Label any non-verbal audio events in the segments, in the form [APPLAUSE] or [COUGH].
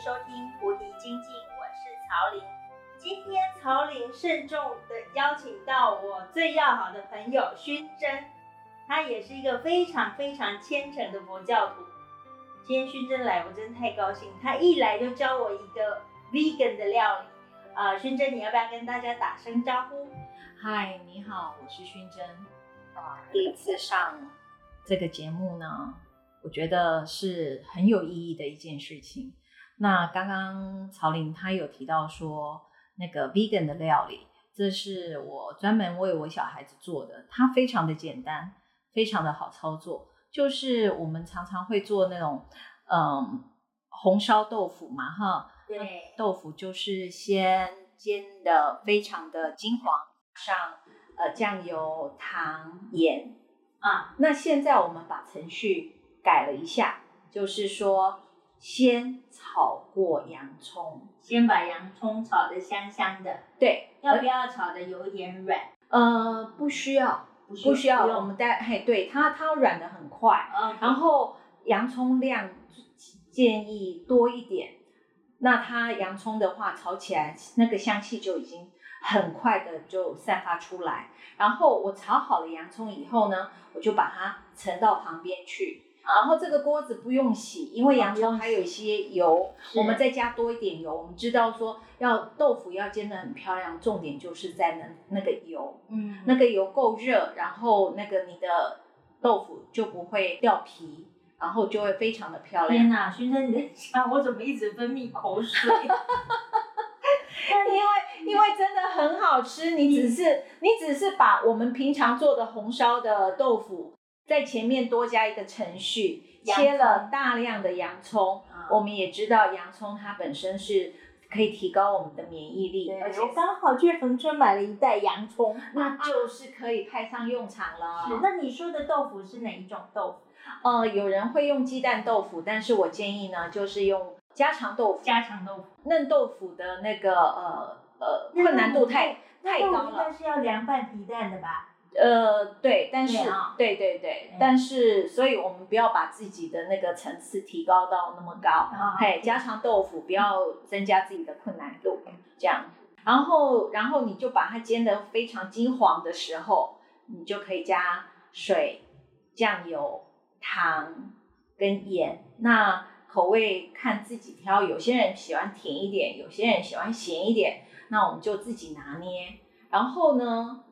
收聽《菩提精進》，我是曹玲。今天曹玲慎重的邀請到我最要好的朋友薰珍，他也是一個非常非常虔誠的佛教徒。今天薰珍來，我真太高興。他一來就教我一個 vegan 的料理。啊、呃，薰珍，你要不要跟大家打聲招呼？嗨，你好，我是薰珍。第一次上這個節目呢，我覺得是很有意義的一件事情。那剛剛曹玲她有提到說，那個 vegan 的料理，這是我專門為我小孩子做的，它非常的簡單，非常的好操作，就是我們常常會做那種，嗯，紅燒豆腐嘛，哈，對，豆腐就是先煎得非常的金黃，上，呃，醬油、糖、鹽啊，那現在我們把程序改了一下，就是說。先炒過洋蔥，先把洋蔥炒的香香的。對，要不要炒的有點軟？呃，不需要，不需要。不需要，我們待嘿，對它，它軟的很快。嗯。然後洋蔥量建議多一點，那它洋蔥的話炒起來那個香氣就已經很快的就散發出來。然後我炒好了洋蔥以後呢，我就把它盛到旁邊去。然後這個鍋子不用洗，因為洋蔥還有一些油，我們再加多一點油。是我們知道說，要豆腐要煎得很漂亮，重點就是在那那個油，嗯，那個油夠熱，然後那個你的豆腐就不會掉皮，然後就會非常的漂亮。天哪，薰珍，啊，我怎麼一直分泌口水？ [LAUGHS] 因為因為真的很好吃，你只是你只是把我們平常做的紅燒的豆腐。在前面多加一個程序，蔥切了大量的洋蔥。嗯、我們也知道洋蔥它本身是可以提高我們的免疫力，對而且剛好去恆春買了一袋洋蔥，那就是可以派上用場了是。那你說的豆腐是哪一種豆腐？呃，有人會用雞蛋豆腐，但是我建議呢，就是用家常豆腐。家常豆腐，嫩豆腐的那個呃呃，困難度太太，太高了。但是要涼拌皮蛋的吧？呃，對，但是，Yeah. 對對對，Yeah. 但是，所以我們不要把自己的那個層次提高到那麼高，uh huh. 嘿，家常豆腐不要增加自己的困難度，Yeah. 這樣。然後，然後你就把它煎得非常金黃的時候，你就可以加水、醬油、糖跟鹽，那口味看自己挑，有些人喜歡甜一點，有些人喜歡鹹一點，那我們就自己拿捏。然後呢？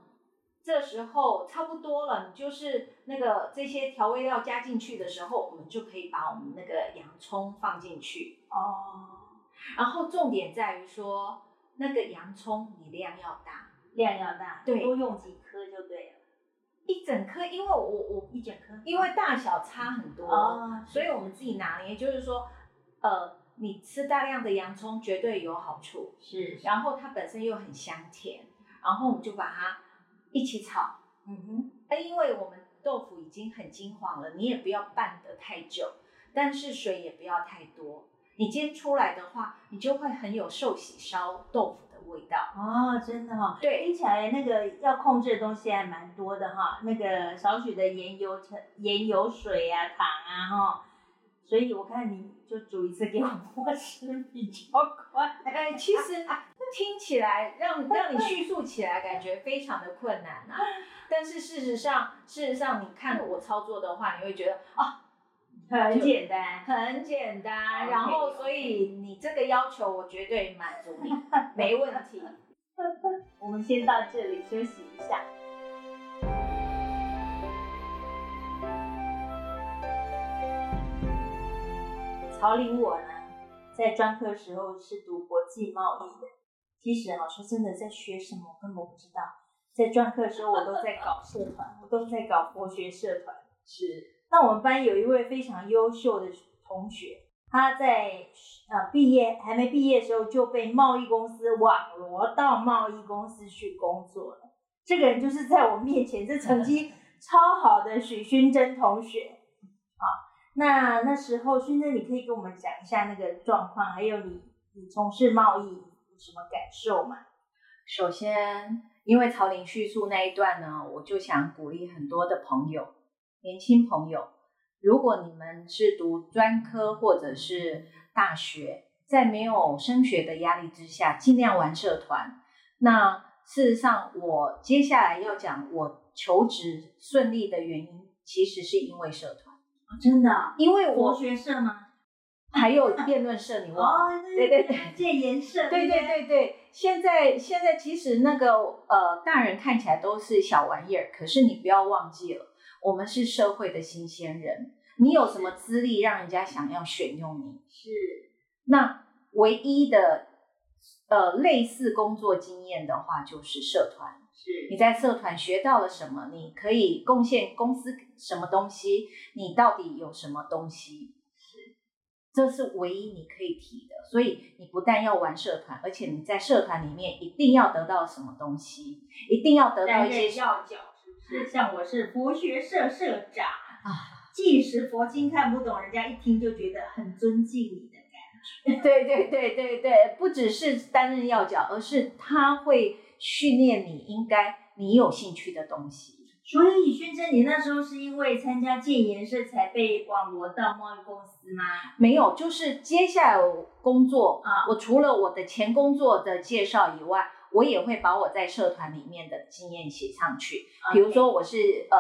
這時候差不多了，你就是那個這些調味料加進去的時候，我們就可以把我們那個洋蔥放進去哦。然後重點在於說，那個洋蔥你量要大，量要大，對，多用幾顆就對了。一整顆，因為我我一整顆，因為大小差很多，哦、所以我們自己拿捏。也就是說，呃，你吃大量的洋蔥絕對有好處，是，是。然後它本身又很香甜，然後我們就把它。一起炒，嗯哼，那因為我們豆腐已經很金黃了，你也不要拌得太久，但是水也不要太多。你煎出來的話，你就會很有壽喜燒豆腐的味道哦。真的哈、哦，對，聽起來那個要控制的東西還蠻多的哈，那個少許的鹽油、鹽油水啊、糖啊，哈。所以我看你就煮一次給我，我吃比較快。哎，其實聽起來讓讓你敘述起來感覺非常的困難啊。但是事實上，事實上你看我操作的話，你會覺得啊，很簡單，很簡單。然後，所以你這個要求我絕對滿足你，沒問題。我們先到這裡休息一下。領我呢，在專科時候是讀國際貿易的，其實我說真的，在學什麼我根本不知道。在專科時候我，我都在搞社團，我都在搞國學社團。是。那我們班有一位非常優秀的同學，他在啊、畢業還沒畢業的時候就被貿易公司網羅到貿易公司去工作了。這個人就是在我面前這成績超好的許薰珍同學。那那時候，薰珍，你可以跟我們講一下那個狀況，還有你你從事貿易有什麼感受嗎？首先，因為曹玲敘述那一段呢，我就想鼓勵很多的朋友，年輕朋友，如果你們是讀專科或者是大學，在沒有升學的壓力之下，盡量玩社團。那事實上，我接下來要講我求職順利的原因，其實是因為社團。真的、啊，因為我國學社嗎？還有辯論社，你忘了哦？對對對，戒言社，對對對對。現在現在其實那個呃，大人看起來都是小玩意兒，可是你不要忘記了，我們是社會的新鮮人。你有什麼資歷讓人家想要選用你？是，那唯一的呃類似工作經驗的話，就是社團。是，你在社團學到了什麼？你可以貢獻公司什麼東西？你到底有什麼東西？是，這是唯一你可以提的。所以你不但要玩社團，而且你在社團裡面一定要得到什麼東西，一定要得到一些要角，是不是？像我是佛學社社長啊，即使佛經看不懂，人家一聽就覺得很尊敬你的感覺。對對對對對，不只是擔任要角，而是他會。訓練你應該你有興趣的東西。所以，薰珍，你那時候是因為參加建言社，才被網羅到貿易公司嗎？沒有，就是接下來我工作啊，我除了我的前工作的介紹以外，我也會把我在社團裡面的經驗寫上去。Okay. 比如說，我是呃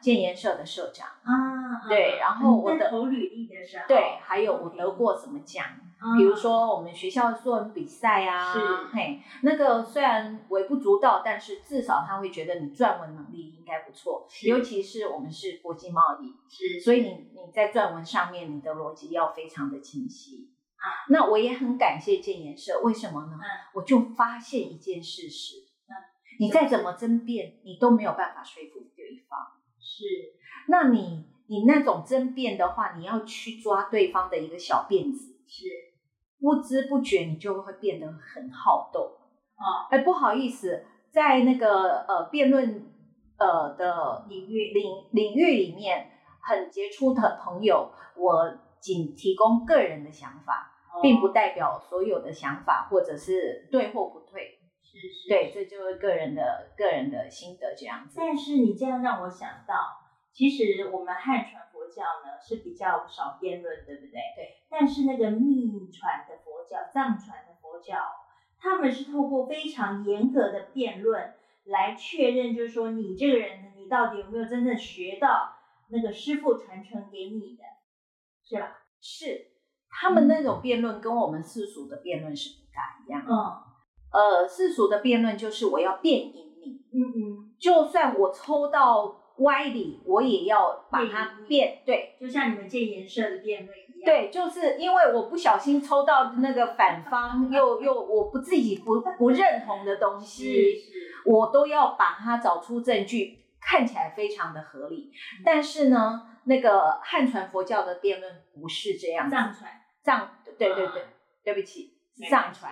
建言社的社長啊，對，啊、然後、啊、我的投履歷的時候，對，還有我得過什麼獎。嗯比如說我們學校作文比賽啊，是嘿，那個雖然微不足道，但是至少他會覺得你撰文能力應該不錯。是尤其是我們是國際貿易，是，是，所以你你在撰文上面你的邏輯要非常的清晰啊。那我也很感謝建言社，為什麼呢？啊，我就發現一件事實，你再怎麼爭辯，你都沒有辦法說服對方。是，那你你那種爭辯的話，你要去抓對方的一個小辮子。是。不知不覺，你就會變得很好鬥啊！哦、哎，不好意思，在那個呃辯論呃的領域領領域裡面，很傑出的朋友，我僅提供個人的想法，哦、並不代表所有的想法或者是對或不對。是是，是是，對，這就是個人的個人的心得這樣子。但是你這樣讓我想到，其實我們漢傳。教呢是比較少辯論，對不對？對。但是那個祕傳的佛教，藏傳的佛教，他們是透過非常嚴格的辯論來確認，就是說你這個人，你到底有沒有真的學到那個師父傳承給你的？是吧？是。他們那種辯論跟我們世俗的辯論是不大一樣。嗯。呃，世俗的辯論就是我要辯贏你。嗯嗯。就算我抽到。歪理，我也要把它辯衣對，就像你們健言社的辯論一樣。對，就是因為我不小心抽到那個反方， [LAUGHS] 又又我不自己不不認同的東西，是是我都要把它找出證據，看起來非常的合理。嗯、但是呢，那個漢傳佛教的辯論不是這樣，藏傳藏對對對，嗯、對不起，是有藏傳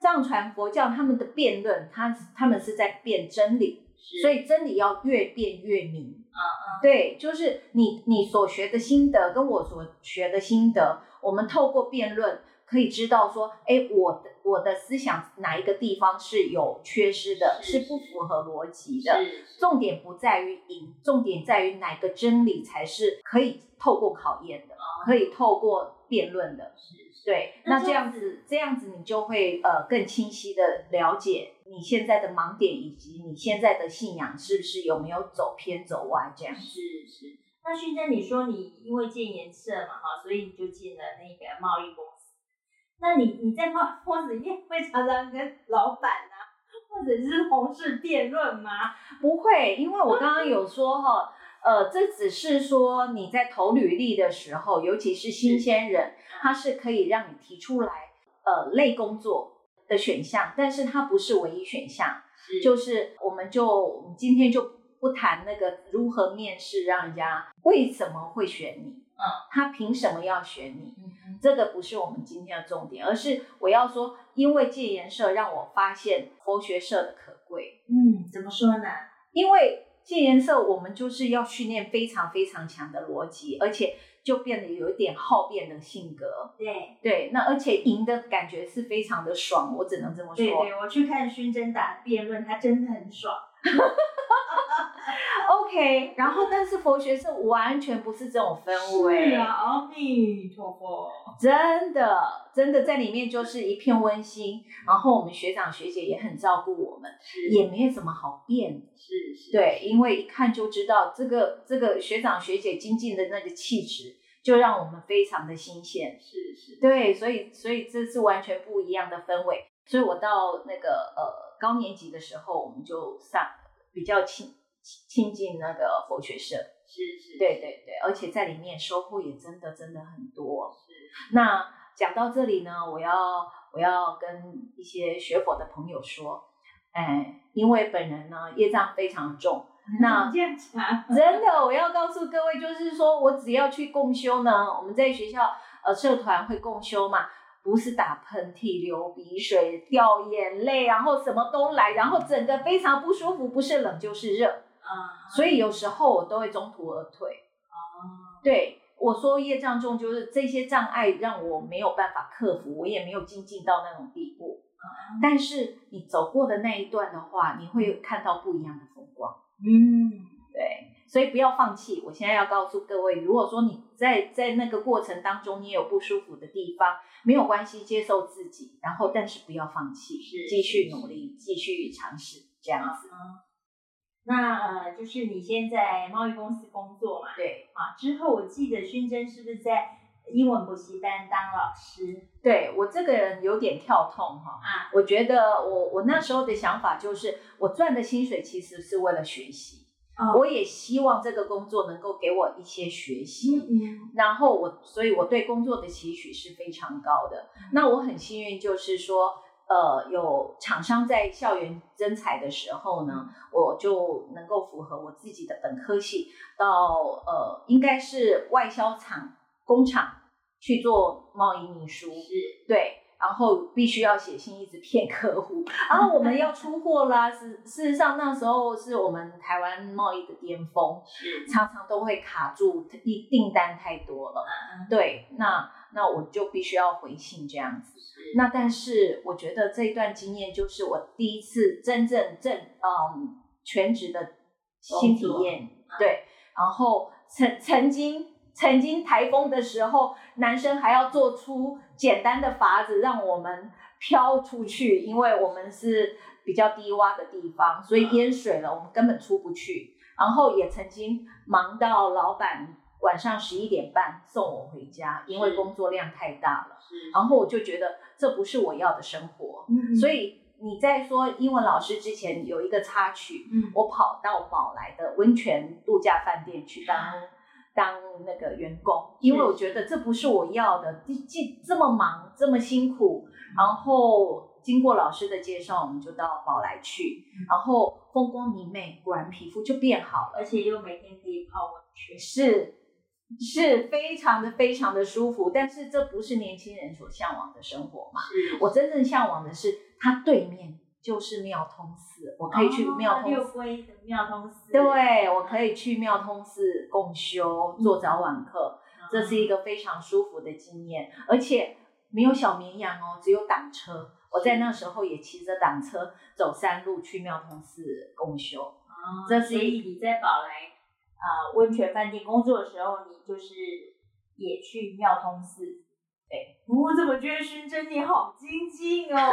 藏傳佛教他們的辯論，他他們是在辯真理。是所以真理要越辯越明，啊啊、uh，uh. 對，就是你你所學的心得跟我所學的心得，我們透過辯論可以知道說，哎、欸，我我的思想哪一個地方是有缺失的，是，是，是不符合邏輯的。是是重點不在於贏，重點在於哪個真理才是可以透過考驗的，uh huh. 可以透過辯論的。是，是對，那這樣子這樣子，這樣子你就會呃更清晰的了解。你現在的盲點以及你現在的信仰，是不是有沒有走偏走歪，這樣？是是。那薰珍，你說你因為建言社嘛，哈，所以你就進了那個貿易公司。那你你在貿貿易公司，裡面會常常跟老闆呢、啊、或者是同事辯論嗎？不會，因為我剛剛有說哈，呃，這只是說你在投履歷的時候，尤其是新鮮人，是他是可以讓你提出來，呃，類工作。的選項，但是它不是唯一選項。是，就是我們就我們今天就不談那個如何面試，讓人家為什麼會選你？嗯，他憑什麼要選你？嗯哼，這個不是我們今天的重點，而是我要說，因為戒嚴社讓我發現佛學社的可貴。嗯，怎麼說呢？因為戒嚴社我們就是要訓練非常非常強的邏輯，而且。就變得有一點好辯的性格，對對，那而且贏的感覺是非常的爽，我只能這麼說。對對，我去看薰珍打辯論，他真的很爽。 [LAUGHS] [LAUGHS] OK，然後但是佛學是完全不是這種氛圍。是啊，阿彌陀佛。真的，真的在裡面就是一片溫馨。嗯、然後我們學長學姐也很照顧我們，是，是，也沒有什麼好變的，是，是是。對，因為一看就知道這個這個學長學姐精進的那個氣質，就讓我們非常的新鮮，是，是是。對，所以所以這是完全不一樣的氛圍。所以我到那個呃高年級的時候，我們就上比較親親近那個佛學社，是是，對對對，而且在裡面收穫也真的真的很多。那講到這裡呢，我要我要跟一些學佛的朋友說，哎，因為本人呢業障非常重，那 [LAUGHS] 真的我要告訴各位，就是說我只要去共修呢，我們在學校呃社團會共修嘛，不是打噴嚏、流鼻水、掉眼淚，然後什麼都來，然後整個非常不舒服，不是冷就是熱啊，uh huh. 所以有時候我都會中途而退哦，uh huh. 對。我說業障重就是這些障礙讓我沒有辦法克服，我也沒有精進進到那種地步。但是你走過的那一段的話，你會看到不一樣的風光。嗯，對，所以不要放棄。我現在要告訴各位，如果說你在在那個過程當中你有不舒服的地方，沒有關係，接受自己，然後但是不要放棄，繼續努力，繼續嘗試這樣子。那呃，就是你先在貿易公司工作嘛？對，啊，之後我記得薰珍是不是在英文補習班當老師？對，我這個人有點跳痛哈，哦、啊，我覺得我我那時候的想法就是，我賺的薪水其實是為了學習，哦、我也希望這個工作能夠給我一些學習，嗯嗯然後我，所以我對工作的期許是非常高的。嗯、那我很幸運，就是說。呃，有廠商在校園徵才的時候呢，我就能夠符合我自己的本科系到，到呃，應該是外銷廠工廠去做貿易秘書，是對，然後必須要寫信一直騙客戶，然後我們要出貨啦、啊。是 [LAUGHS] 事實上那時候是我們台灣貿易的巔峰，是常常都會卡住一，訂單太多了，嗯、對，那。那我就必須要回信這樣子。是那但是我覺得這段經驗就是我第一次真正正嗯全職的新體驗，哦嗯、對。然後曾曾經曾經台風的時候，男生還要做出簡單的法子讓我們飄出去，因為我們是比較低窪的地方，所以淹水了，嗯、我們根本出不去。然後也曾經忙到老闆。晚上十一點半送我回家，因為工作量太大了。嗯、然後我就覺得這不是我要的生活，嗯、所以你在說英文老師之前有一個插曲，嗯、我跑到寶來的溫泉度假飯店去當、嗯、當那個員工，嗯、因為我覺得這不是我要的，既，既這麼忙這麼辛苦。嗯、然後經過老師的介紹，我們就到寶來去，嗯、然後風光明媚，果然皮膚就變好了，而且又每天可以泡溫泉。是。是非常的、非常的舒服，但是這不是年輕人所向往的生活嘛？是是是我真正向往的是，它對面就是妙通寺，我可以去妙通寺。哦，那六龜的妙通寺。對，我可以去妙通寺共修，做早晚課，這是一個非常舒服的經驗，而且沒有小綿羊哦，只有擋車。我在那時候也騎着擋車走山路去妙通寺共修。哦，這是一……所以你在寶來。啊，溫泉飯店工作的時候，你就是也去妙通寺，對。我怎麼覺得薰珍，你好精進哦、喔？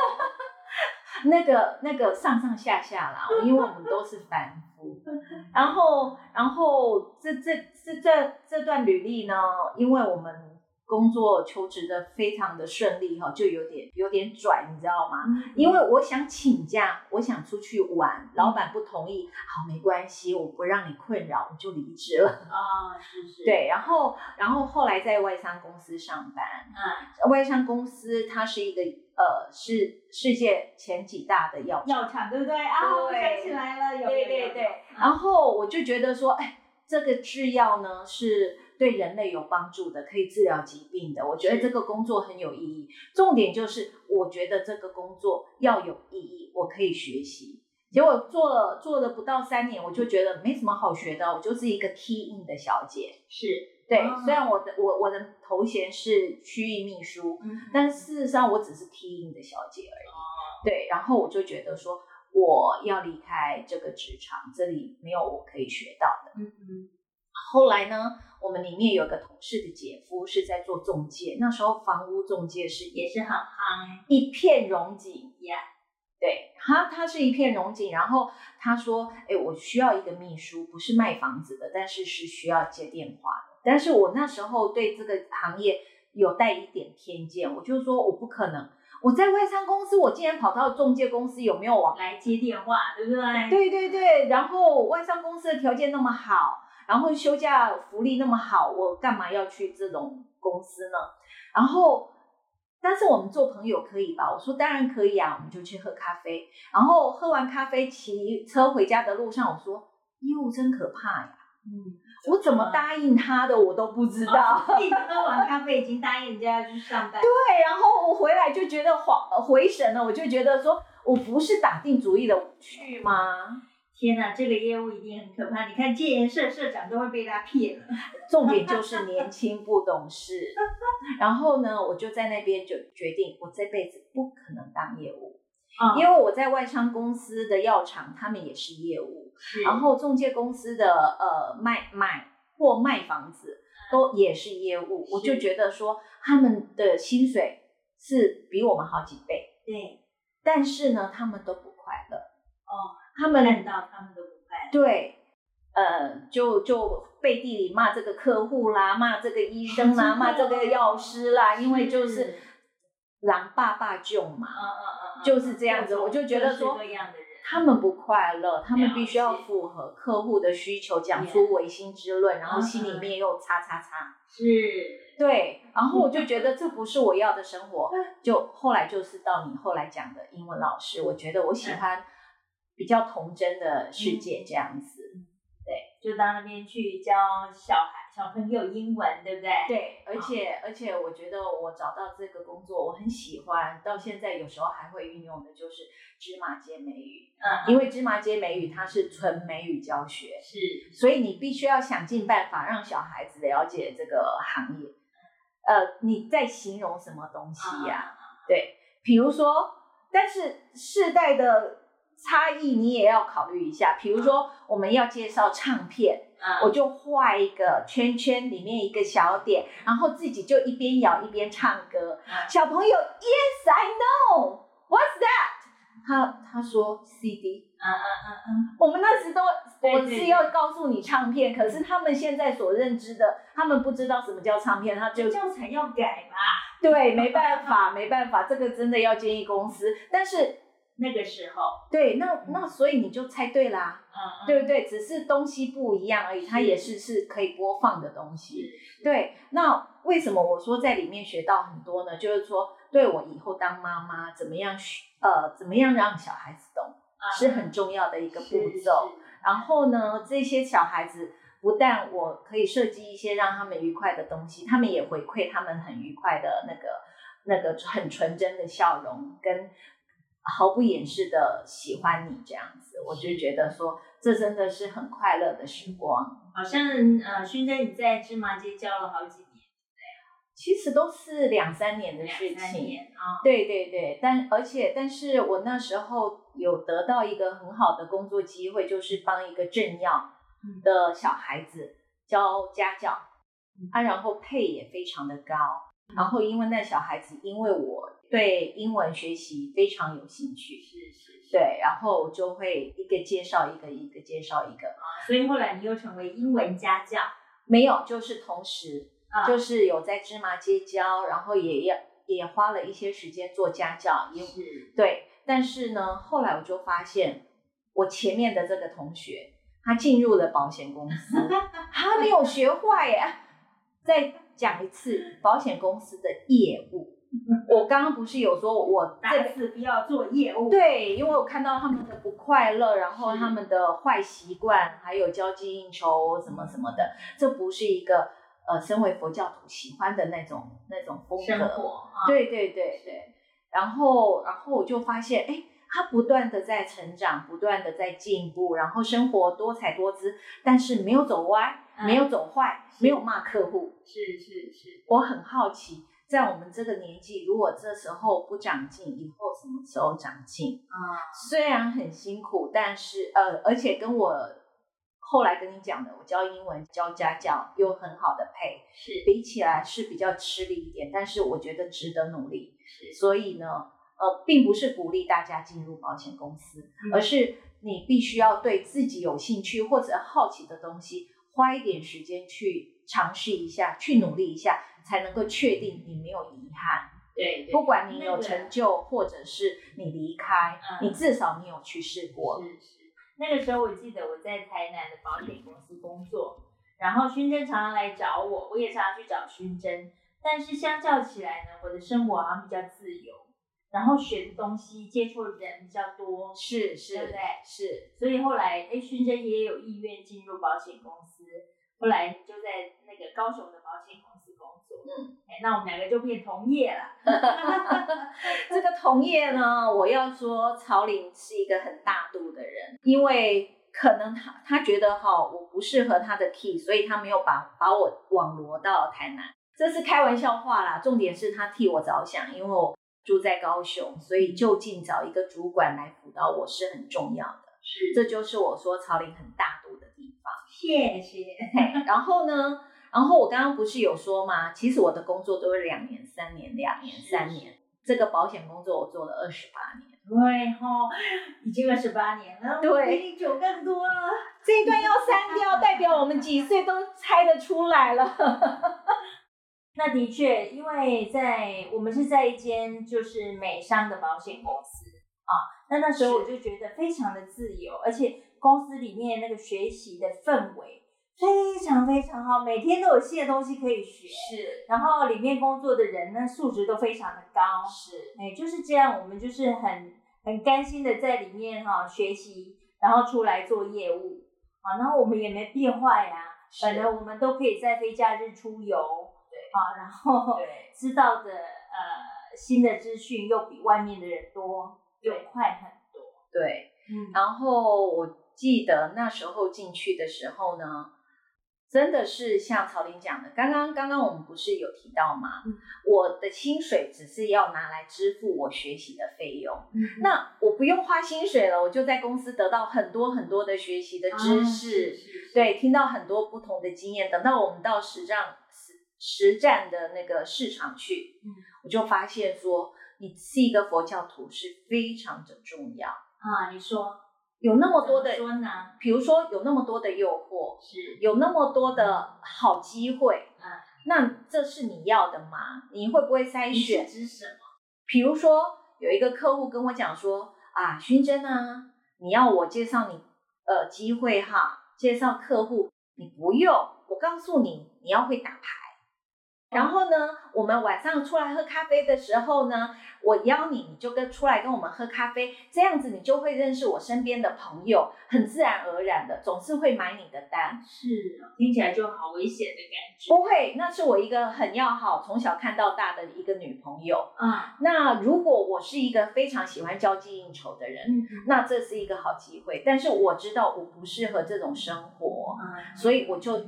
[LAUGHS] 那個、那個上上下下啦，因為我們都是凡夫。 [LAUGHS] 然後、然後這、這、這、這這段履歷呢，因為我們。工作求職的非常的順利哈，就有點有點拽，你知道嗎？嗯、因為我想請假，我想出去玩，嗯、老闆不同意。好，沒關係，我不讓你困擾，我就離職了。啊、嗯，是是。對，然後然後後來在外商公司上班。嗯，外商公司它是一個呃，是世界前幾大的藥藥廠，對不對？對啊，我開起來了，有對對對。然後我就覺得說，哎。這個製藥呢，是對人類有幫助的，可以治療疾病的。我覺得這個工作很有意義。重點就是，我覺得這個工作要有意義，我可以學習。結果做了做了不到三年，我就覺得沒什麼好學的，我就是一個 key in 的小姐。是對，Wow. 雖然我的我我的頭銜是區域秘書，mm hmm. 但事實上我只是 key in 的小姐而已。Wow. 對，然後我就覺得說。我要離開這個職場，這裡沒有我可以學到的。嗯嗯。後來呢，我們裡面有一個同事的姐夫是在做中介，那時候房屋中介是也是很夯，嗯、一片榮景呀。Yeah. 對，他他是一片榮景，然後他說、欸：“我需要一個秘書，不是賣房子的，但是是需要接電話的。”但是我那時候對這個行業有帶一點偏見，我就說我不可能。我在外商公司，我竟然跑到中介公司，有沒有往來接電話，對不對？對對對，然後外商公司的條件那麼好，然後休假福利那麼好，我干嘛要去這種公司呢？然後，但是我們做朋友可以吧？我說當然可以呀，啊，我們就去喝咖啡。然後喝完咖啡，騎車回家的路上，我說一路真可怕呀，嗯。我怎麼答應他的，我都不知道。剛喝完咖啡已經答應人家要去上班。 [LAUGHS] 對，然後我回來就覺得恍回神了，我就覺得說我不是打定主意的去嗎、哎？天哪，這個業務一定很可怕！你看，建言社社長都會被他騙了。 [LAUGHS] 重點就是年輕不懂事。 [LAUGHS] 然後呢，我就在那邊就決定，我這輩子不可能當業務。因為我在外商公司的藥廠，他們也是業務；是然後仲介公司的呃賣買或賣房子，嗯、都也是業務。是我就覺得說他們的薪水是比我們好幾倍。對，但是呢，他們都不快樂。哦，他們知道、嗯、他們都不快樂。對，呃，就就背地裡罵這個客戶啦，罵這個醫生啦，哦啊、罵這個藥師啦，是是因為就是狼爸爸救嘛。嗯嗯嗯。嗯嗯就是這樣子，我就覺得說他們不快樂，他們必須要符合客戶的需求，講出違心之論，然後心裡面又叉叉叉。是，對。然後我就覺得這不是我要的生活。就後來就是到你後來講的英文老師，我覺得我喜歡比較童真的世界這樣子。對，就到那邊去教小孩。小朋友英文對不對？對，而且好而且，我覺得我找到這個工作，我很喜歡。到現在有時候還會運用的就是芝麻街美語，嗯、uh，huh. 因為芝麻街美語它是純美語教學，是，所以你必須要想盡辦法讓小孩子了解這個行業。呃，你在形容什麼東西呀、啊？Uh huh. 對，比如說，但是世代的。差異你也要考慮一下，比如說我們要介紹唱片，嗯、我就畫一個圈圈，裡面一個小點，然後自己就一邊咬一邊唱歌。嗯、小朋友、嗯，Yes I know what's that？他他說 CD。嗯嗯嗯嗯。嗯嗯，我們那時都我是要告訴你唱片，可是他們現在所認知的，他們不知道什麼叫唱片，他就教材要改嘛。對，辦沒辦法，沒辦法，這個真的要建議公司，但是。那個時候，對，那那所以你就猜對啦、啊，嗯、對不對？只是東西不一樣而已，是它也是是可以播放的東西。對，那為什麼我說在裡面學到很多呢？就是說，對我以後當媽媽，怎麼樣學？呃，怎麼樣讓小孩子懂，嗯、是很重要的一個步驟。然後呢，這些小孩子不但我可以設計一些讓他們愉快的東西，他們也回饋他們很愉快的那個那個很純真的笑容跟。毫不掩飾的喜歡你這樣子，我就覺得說，這真的是很快樂的時光。好像呃，薰珍，你在芝麻街教了好幾年，對、啊，其實都是兩三年的事情。兩三年啊，哦、對對對，但而且但是我那時候有得到一個很好的工作機會，就是幫一個政要的小孩子教家教，他、嗯啊、然後配也非常的高，嗯、然後因為那小孩子因為我，對英文學習非常有興趣，是是，是，對，然後就會一個介紹一個一個介紹一個啊，所以後來你又成為英文家教？嗯、沒有，就是同時，啊、就是有在芝麻街教，然後也也也花了一些時間做家教，是也是對，但是呢，後來我就發現我前面的這個同學，他進入了保險公司， [LAUGHS] 他沒有學壞耶， [LAUGHS] 再講一次保險公司的業務。 [LAUGHS] 我剛剛不是有說，我這次不要做業務。 [LAUGHS] 對，因為我看到他們的不快樂，然後他們的壞習慣，還有交際應酬什麼什麼的，這不是一個呃，身為佛教徒喜歡的那種那種風格。對、啊、對對對。是然後，然後我就發現，哎，他不斷的在成長，不斷的在進步，然後生活多彩多姿，但是沒有走歪，嗯、沒有走壞，是沒有罵客戶。是是是，是是我很好奇。在我們這個年紀，如果這時候不長進，以後什麼時候長進？啊、嗯，雖然很辛苦，但是呃，而且跟我後來跟你講的，我教英文教家教又很好的配是比起來是比較吃力一點，但是我覺得值得努力。是，所以呢，呃，並不是鼓勵大家進入保險公司，嗯、而是你必須要對自己有興趣或者好奇的東西。花一點時間去嘗試一下，去努力一下，才能夠確定你沒有遺憾。對，對，不管你有成就，那個、或者是你離開，嗯、你至少你有去試過。是是，那個時候我記得我在台南的保險公司工作，然後薰珍常常來找我，我也常常去找薰珍。但是相較起來呢，我的生活好像比較自由。然後選東西、接觸的人比較多，是是，是對不對？是，所以後來哎，薰珍也有意願進入保險公司，後來就在那個高雄的保險公司工作。嗯，哎，那我們兩個就變同業了。 [LAUGHS] [LAUGHS] 這個同業呢，我要說曹玲是一個很大度的人，因為可能他他覺得哈、哦，我不適合他的 key，所以他沒有把把我網羅到台南。這是開玩笑話啦，重點是他替我着想，因為我。住在高雄，所以就近找一個主管來輔導我是很重要的。是，這就是我說曹玲很大度的地方。謝謝。然後呢？然後我剛剛不是有說嗎？其實我的工作都是兩年、三年、兩年、三年。這，是這個保險工作我做了二十八年。對齁、哦，已經二十八年了。對，比你久更多了。這一段要刪掉，代表我們幾歲都猜得出來了。 [LAUGHS] 那的確，因為在我們是在一間就是美商的保險公司啊，那那時候我就覺得非常的自由，是而且公司裡面那個學習的氛圍非常非常好，每天都有新的東西可以學。是，然後裡面工作的人呢，素質都非常的高。是，哎、欸，就是這樣，我們就是很很甘心的在裡面哈、哦、學習，然後出來做業務。啊然後我們也沒變壞呀、啊，本來是我們都可以在非假日出遊。啊、哦，然後知道的對呃新的資訊又比外面的人多又快很多。對，嗯、然後我記得那時候進去的時候呢，真的是像曹玲講的，剛剛剛剛我們不是有提到嗎、嗯、我的薪水只是要拿來支付我學習的費用，嗯嗯，那我不用花薪水了，我就在公司得到很多很多的學習的知識，啊、是是是是對，聽到很多不同的經驗，等到我們到實戰。實戰的那個市場去，嗯，我就發現說，你是一個佛教徒是非常的重要啊。你說有那麼多的，呢比如說有那麼多的誘惑，是，有那麼多的好機會，嗯、啊，那這是你要的嗎？你會不會篩選？是比如說有一個客戶跟我講說啊，薰珍呢、啊，你要我介紹你呃機會哈，介紹客戶，你不用，我告訴你，你要會打牌。然後呢，我們晚上出來喝咖啡的時候呢，我邀你，你就跟出來跟我們喝咖啡，這樣子你就會認識我身邊的朋友，很自然而然的，總是會買你的單。是、啊，聽起來就好危險的感覺。不會，那是我一個很要好，從小看到大的一個女朋友啊。那如果我是一個非常喜歡交際應酬的人，嗯、哼那這是一個好機會。但是我知道我不適合這種生活，嗯、所以我就。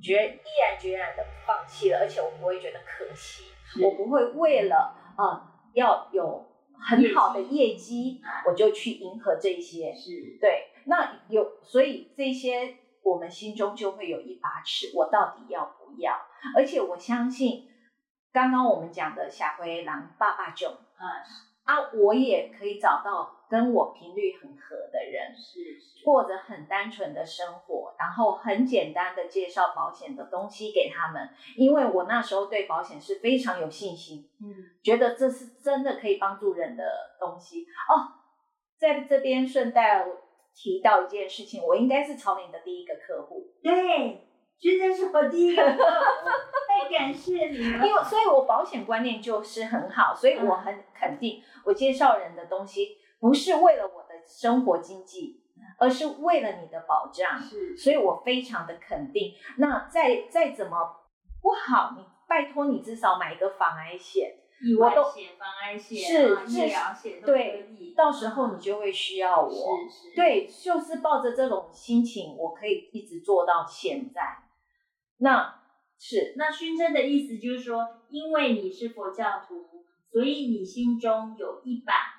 覺，毅然決然的放棄了，而且我不會覺得可惜，是我不會為了、嗯呃、要有很好的業績，業績我就去迎合這些。是對，那有所以這些我們心中就會有一把尺，我到底要不要？而且我相信剛剛我們講的小灰狼、爸爸囧，啊、嗯、啊，我也可以找到跟我頻率很合的人，是是。過着很單純的生活，然後很簡單的介紹保險的東西給他們。因為我那時候對保險是非常有信心，嗯，覺得這是真的可以幫助人的東西。哦，在這邊順帶提到一件事情，我應該是曹玲的第一個客戶，對，真的是我第一個客戶， [LAUGHS] 太感謝你了，因為所以我保險觀念就是很好，所以我很肯定、嗯、我介紹人的東西。不是為了我的生活經濟，而是為了你的保障。是，是，所以我非常的肯定。那再再怎麼不好，你拜托你至少買一個防癌險，意外險防癌險、是醫療險都可以。對，對，到時候你就會需要我。是是對，是是就是抱着這種心情，我可以一直做到現在。那是那薰珍的意思，就是說，因為你是佛教徒，所以你心中有一把。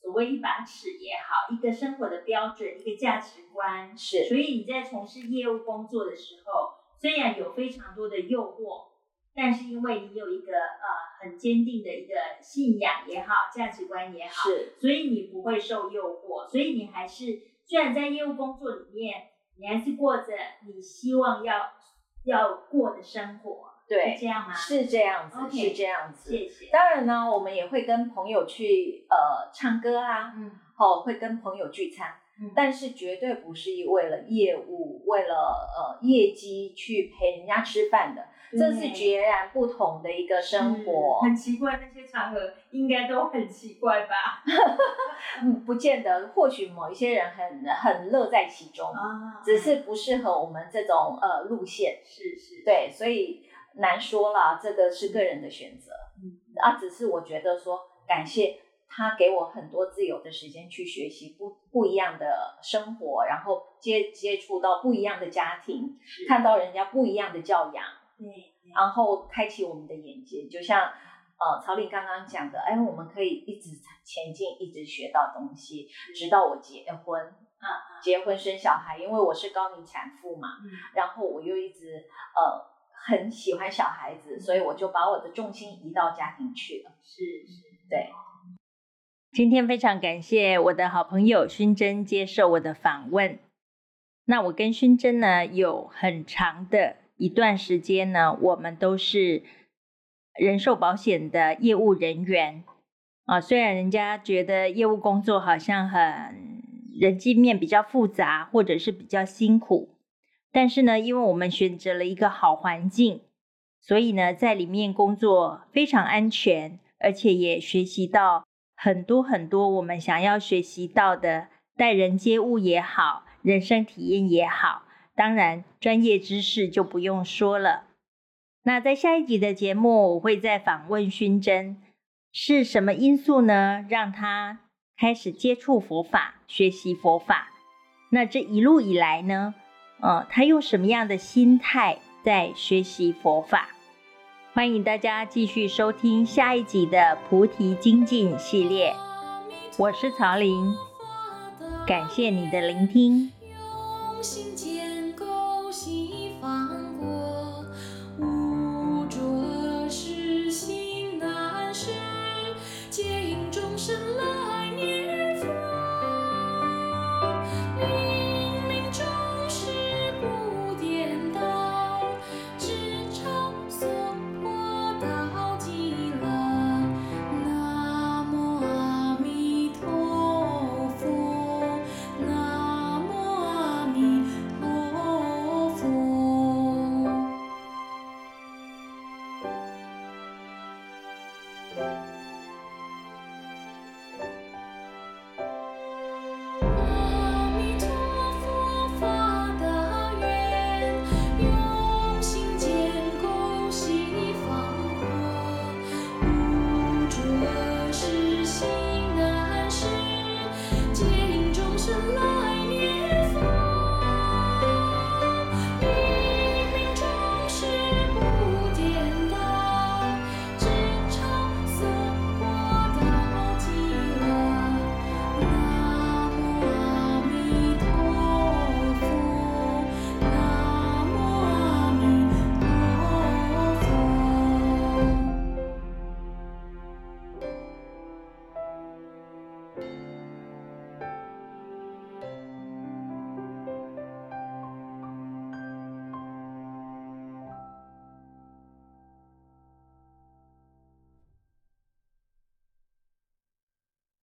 所謂一把尺也好，一個生活的標準，一個價值觀是。所以你在從事業務工作的時候，雖然有非常多的誘惑，但是因為你有一個呃很堅定的一個信仰也好，價值觀也好，是。所以你不會受誘惑，所以你還是雖然在業務工作裡面，你還是過着你希望要要過的生活。對，是這樣嗎？是這樣子，okay, 是這樣子。謝謝。當然呢，我們也會跟朋友去呃唱歌啊，嗯，哦，會跟朋友聚餐，嗯、但是絕對不是為了業務，為了呃業績去陪人家吃飯的，嗯、這是截然不同的一個生活、嗯。很奇怪，那些場合應該都很奇怪吧？ [LAUGHS] 不見得，或許某一些人很很樂在其中啊，哦、只是不適合我們這種呃路線。是是，對，所以。難說了，這個是個人的選擇。嗯，啊，只是我覺得說，感謝他給我很多自由的時間去學習不不一樣的生活，然後接接觸到不一樣的家庭，是看到人家不一樣的教養，嗯，嗯然後開啟我們的眼界。就像呃，曹玲剛剛講的，哎，我們可以一直前進，一直學到東西，嗯、直到我結婚啊，結婚生小孩，因為我是高齡產婦嘛，嗯、然後我又一直呃。很喜歡小孩子，所以我就把我的重心移到家庭去了。是是，對。今天非常感謝我的好朋友薰珍接受我的訪問。那我跟薰珍呢，有很長的一段時間呢，我們都是人壽保險的業務人員啊、哦。雖然人家覺得業務工作好像很人際面比較複雜，或者是比較辛苦。但是呢，因為我們選擇了一個好環境，所以呢，在裡面工作非常安全，而且也學習到很多很多我們想要學習到的待人接物也好，人生體驗也好，當然專業知識就不用說了。那在下一集的節目，我會再訪問薰珍，是什麼因素呢，讓他開始接觸佛法、學習佛法？那這一路以來呢，嗯、呃，他用什麼樣的心態在學習佛法？歡迎大家繼續收聽下一集的《菩提精進》系列，我是曹玲，感謝你的聆聽。